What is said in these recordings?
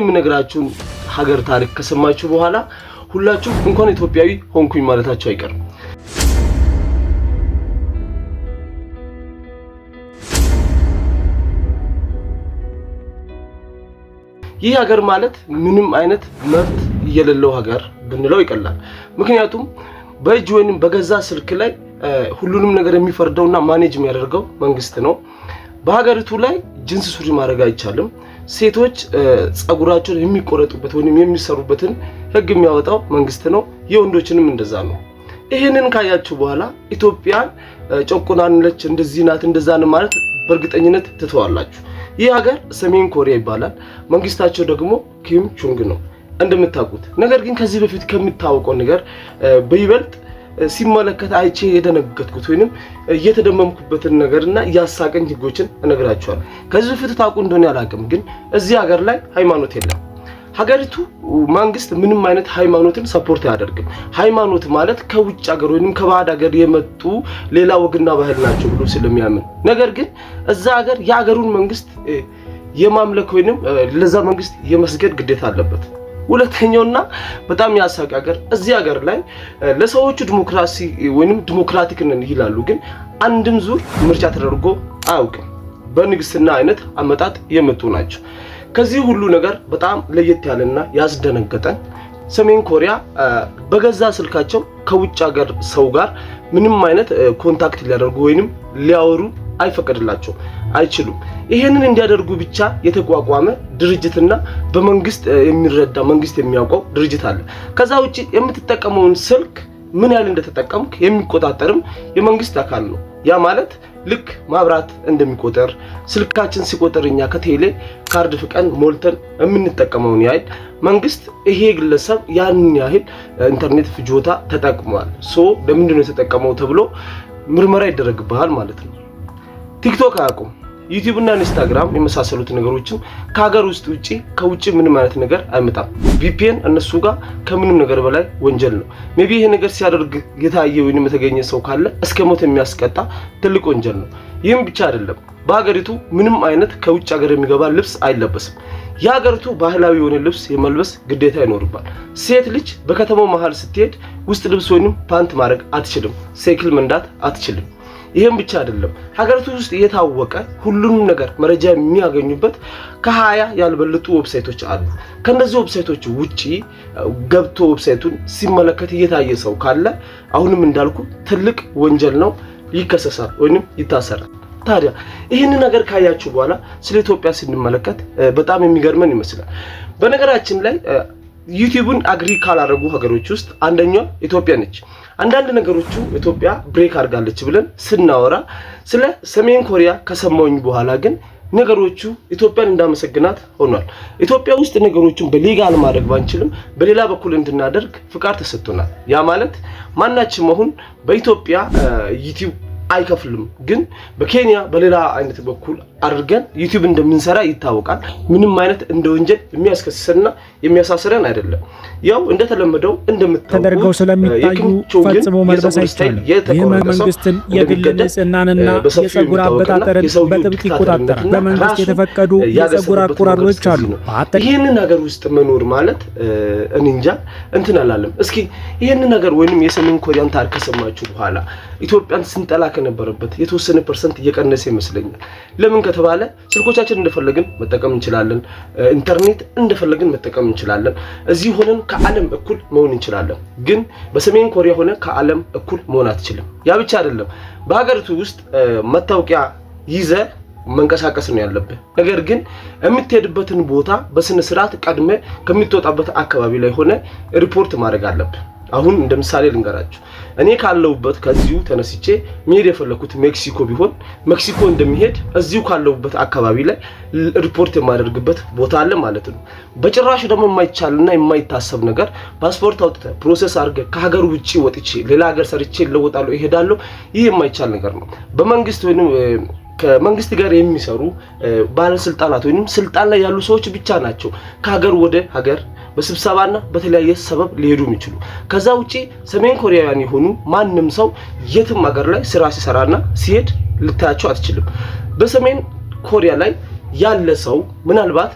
የምነግራችሁን ሀገር ታሪክ ከሰማችሁ በኋላ ሁላችሁ እንኳን ኢትዮጵያዊ ሆንኩኝ ማለታችሁ አይቀርም። ይህ ሀገር ማለት ምንም አይነት መብት የሌለው ሀገር ብንለው ይቀላል። ምክንያቱም በእጅ ወይንም በገዛ ስልክ ላይ ሁሉንም ነገር የሚፈርደውና ማኔጅ የሚያደርገው መንግስት ነው። በሀገሪቱ ላይ ጅንስ ሱሪ ማድረግ አይቻልም። ሴቶች ጸጉራቸውን የሚቆረጡበት ወይም የሚሰሩበትን ህግ የሚያወጣው መንግስት ነው። የወንዶችንም እንደዛ ነው። ይህንን ካያችሁ በኋላ ኢትዮጵያን ጨቁናለች፣ እንደዚህ ናት፣ እንደዛ ነው ማለት በእርግጠኝነት ትተዋላችሁ። ይህ ሀገር ሰሜን ኮሪያ ይባላል። መንግስታቸው ደግሞ ኪም ቹንግ ነው እንደምታውቁት። ነገር ግን ከዚህ በፊት ከሚታወቀው ነገር በይበልጥ ሲመለከት አይቼ የደነገጥኩት ወይንም እየተደመምኩበትን ነገር እና ያሳቀኝ ህጎችን እነግራችኋለሁ። ከዚህ በፊት ታውቁ እንደሆነ አላውቅም፣ ግን እዚህ ሀገር ላይ ሃይማኖት የለም። ሀገሪቱ መንግስት ምንም አይነት ሃይማኖትን ሰፖርት አያደርግም። ሃይማኖት ማለት ከውጭ ሀገር ወይም ከባዕድ ሀገር የመጡ ሌላ ወግና ባህል ናቸው ብሎ ስለሚያምን ነገር ግን እዛ ሀገር የሀገሩን መንግስት የማምለክ ወይንም ለዛ መንግስት የመስገድ ግዴታ አለበት። ሁለተኛውና በጣም ያሳቅ ሀገር እዚህ ሀገር ላይ ለሰዎቹ ዲሞክራሲ ወይንም ዲሞክራቲክ ነን ይላሉ፣ ግን አንድም ዙር ምርጫ ተደርጎ አያውቅም። በንግስና አይነት አመጣጥ የመጡ ናቸው። ከዚህ ሁሉ ነገር በጣም ለየት ያለና ያስደነገጠን ሰሜን ኮሪያ በገዛ ስልካቸው ከውጭ ሀገር ሰው ጋር ምንም አይነት ኮንታክት ሊያደርጉ ወይንም ሊያወሩ አይፈቀድላቸውም፣ አይችሉም። ይሄንን እንዲያደርጉ ብቻ የተቋቋመ ድርጅትና በመንግስት የሚረዳ መንግስት የሚያውቀው ድርጅት አለ። ከዛ ውጭ የምትጠቀመውን ስልክ ምን ያህል እንደተጠቀምክ የሚቆጣጠርም የመንግስት አካል ነው። ያ ማለት ልክ ማብራት እንደሚቆጠር ስልካችን ሲቆጠር እኛ ከቴሌ ካርድ ፍቀን ሞልተን የምንጠቀመውን ያህል መንግስት ይሄ ግለሰብ ያንን ያህል ኢንተርኔት ፍጆታ ተጠቅሟል፣ ሶ ለምንድነው የተጠቀመው ተብሎ ምርመራ ይደረግብሃል ማለት ነው። ቲክቶክ አያውቁም። ዩቲዩብ እና ኢንስታግራም የመሳሰሉት ነገሮችን ከሀገር ውስጥ ውጪ ከውጭ ምንም አይነት ነገር አይመጣም። ቪፒኤን እነሱ ጋር ከምንም ነገር በላይ ወንጀል ነው። ሜቢ ይሄ ነገር ሲያደርግ የታየ ወይም የተገኘ ሰው ካለ እስከ ሞት የሚያስቀጣ ትልቅ ወንጀል ነው። ይህም ብቻ አይደለም። በሀገሪቱ ምንም አይነት ከውጭ ሀገር የሚገባ ልብስ አይለበስም። የሀገሪቱ ባህላዊ የሆነ ልብስ የመልበስ ግዴታ ይኖርባል። ሴት ልጅ በከተማው መሀል ስትሄድ ውስጥ ልብስ ወይም ፓንት ማድረግ አትችልም። ሳይክል መንዳት አትችልም። ይህም ብቻ አይደለም፣ ሀገሪቱ ውስጥ የታወቀ ሁሉንም ነገር መረጃ የሚያገኙበት ከሀያ ያልበለጡ ዌብሳይቶች አሉ። ከነዚህ ዌብሳይቶች ውጪ ገብቶ ዌብሳይቱን ሲመለከት እየታየ ሰው ካለ አሁንም እንዳልኩ ትልቅ ወንጀል ነው፣ ይከሰሳል ወይም ይታሰራል። ታዲያ ይህንን ነገር ካያችሁ በኋላ ስለ ኢትዮጵያ ስንመለከት በጣም የሚገርመን ይመስላል። በነገራችን ላይ ዩቲዩብን አግሪ ካላደረጉ ሀገሮች ውስጥ አንደኛው ኢትዮጵያ ነች። አንዳንድ ነገሮቹ ኢትዮጵያ ብሬክ አድርጋለች ብለን ስናወራ ስለ ሰሜን ኮሪያ ከሰማኝ በኋላ ግን ነገሮቹ ኢትዮጵያን እንዳመሰግናት ሆኗል። ኢትዮጵያ ውስጥ ነገሮችን በሊጋል ማድረግ ባንችልም በሌላ በኩል እንድናደርግ ፍቃድ ተሰጥቶናል። ያ ማለት ማናችም አሁን በኢትዮጵያ ዩቲዩብ አይከፍልም፣ ግን በኬንያ በሌላ አይነት በኩል አድርገን ዩቲዩብ እንደምንሰራ ይታወቃል። ምንም አይነት እንደ ወንጀል የሚያስከስሰንና የሚያሳስረን አይደለም። ያው እንደተለመደው እንደምታደርገው ስለሚታዩ ፈጽሞ መልበስ አይቻልም። ይህ መንግስትን የግል ንጽህናንና የጸጉር አበጣጠርን በጥብቅ ይቆጣጠራል። በመንግስት የተፈቀዱ የጸጉር አቆራሮች አሉ። ይህንን ሀገር ውስጥ መኖር ማለት እንንጃ እንትን አላለም። እስኪ ይህንን ነገር ወይንም የሰሜን ኮሪያን ታሪክ ከሰማችሁ በኋላ ኢትዮጵያን ስንጠላ ከነበረበት የተወሰነ ፐርሰንት እየቀነሰ ይመስለኛል። ለምን ከተባለ ስልኮቻችን እንደፈለግን መጠቀም እንችላለን። ኢንተርኔት እንደፈለግን መጠቀም እንችላለን። እዚህ ሆነን ከዓለም እኩል መሆን እንችላለን። ግን በሰሜን ኮሪያ ሆነ ከዓለም እኩል መሆን አትችልም። ያ ብቻ አይደለም። በሀገሪቱ ውስጥ መታወቂያ ይዘ መንቀሳቀስ ነው ያለብህ። ነገር ግን የምትሄድበትን ቦታ በስነ ስርዓት ቀድመ ከሚትወጣበት አካባቢ ላይ ሆነ ሪፖርት ማድረግ አለብህ። አሁን እንደ ምሳሌ ልንገራችሁ። እኔ ካለሁበት ከዚሁ ተነስቼ መሄድ የፈለኩት ሜክሲኮ ቢሆን ሜክሲኮ እንደሚሄድ እዚሁ ካለሁበት አካባቢ ላይ ሪፖርት የማደርግበት ቦታ አለ ማለት ነው። በጭራሹ ደግሞ የማይቻልና የማይታሰብ ነገር ፓስፖርት አውጥተ ፕሮሰስ አድርገ ከሀገር ውጭ ወጥቼ ሌላ ሀገር ሰርቼ እለወጣለሁ፣ ይሄዳለሁ። ይህ የማይቻል ነገር ነው። በመንግስት ወይም ከመንግስት ጋር የሚሰሩ ባለስልጣናት ወይም ስልጣን ላይ ያሉ ሰዎች ብቻ ናቸው ከሀገር ወደ ሀገር በስብሰባና በተለያየ ሰበብ ሊሄዱ የሚችሉ። ከዛ ውጪ ሰሜን ኮሪያውያን የሆኑ ማንም ሰው የትም ሀገር ላይ ስራ ሲሰራና ሲሄድ ልታያቸው አትችልም። በሰሜን ኮሪያ ላይ ያለ ሰው ምናልባት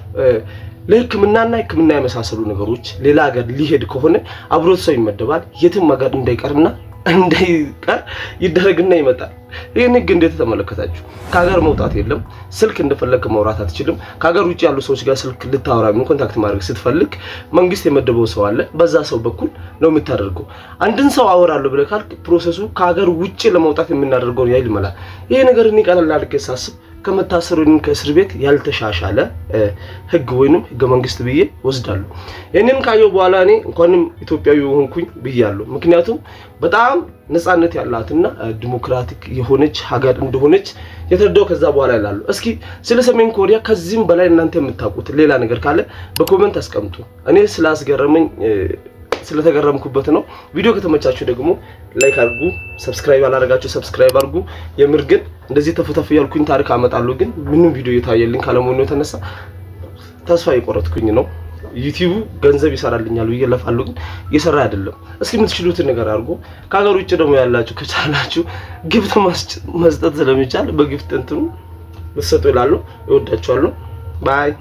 ለሕክምናና ሕክምና የመሳሰሉ ነገሮች ሌላ ሀገር ሊሄድ ከሆነ አብሮት ሰው ይመደባል የትም ሀገር እንዳይቀርና እንዳይቀር ይደረግና ይመጣል። ይህን ህግ እንዴት ተመለከታችሁ? ከሀገር መውጣት የለም። ስልክ እንደፈለግ ማውራት አትችልም። ከሀገር ውጭ ያሉ ሰዎች ጋር ስልክ ልታወራ የሚሆን ኮንታክት ማድረግ ስትፈልግ መንግስት የመደበው ሰው አለ። በዛ ሰው በኩል ነው የምታደርገው። አንድን ሰው አወራለሁ ብለህ ካልክ ፕሮሰሱ ከሀገር ውጭ ለመውጣት የምናደርገው ያህል ይመላል። ይሄ ነገር እኔ ቀለል አድርጌ ሳስብ ከመታሰር ወይም ከእስር ቤት ያልተሻሻለ ህግ ወይንም ህገ መንግስት ብዬ ወስዳለሁ። ይህንን ካየሁ በኋላ እኔ እንኳንም ኢትዮጵያዊ የሆንኩኝ ብያለሁ። ምክንያቱም በጣም ነፃነት ያላትና ዲሞክራቲክ የሆነች ሀገር እንደሆነች የተረዳው ከዛ በኋላ ይላሉ። እስኪ ስለ ሰሜን ኮሪያ ከዚህም በላይ እናንተ የምታውቁት ሌላ ነገር ካለ በኮመንት አስቀምጡ። እኔ ስላስገረመኝ ስለተገረምኩበት ነው። ቪዲዮ ከተመቻችሁ ደግሞ ላይክ አድርጉ። ሰብስክራይብ አላደረጋችሁ ሰብስክራይብ አድርጉ። የምር ግን እንደዚህ ተፈተፍ ያልኩኝ ታሪክ አመጣለሁ፣ ግን ምንም ቪዲዮ እየታየልኝ ካለመሆኑ የተነሳ ተስፋ የቆረጥኩኝ ነው። ዩቲዩቡ ገንዘብ ይሰራልኛል ብዬ ለፋለሁ፣ ግን እየሰራ አይደለም። እስኪ የምትችሉትን ነገር አድርጎ ከሀገር ውጭ ደግሞ ያላችሁ ከቻላችሁ ግብት መስጠት ስለሚቻል በግብት እንትኑ ብትሰጡ ይላሉ። እወዳችኋለሁ። ባይ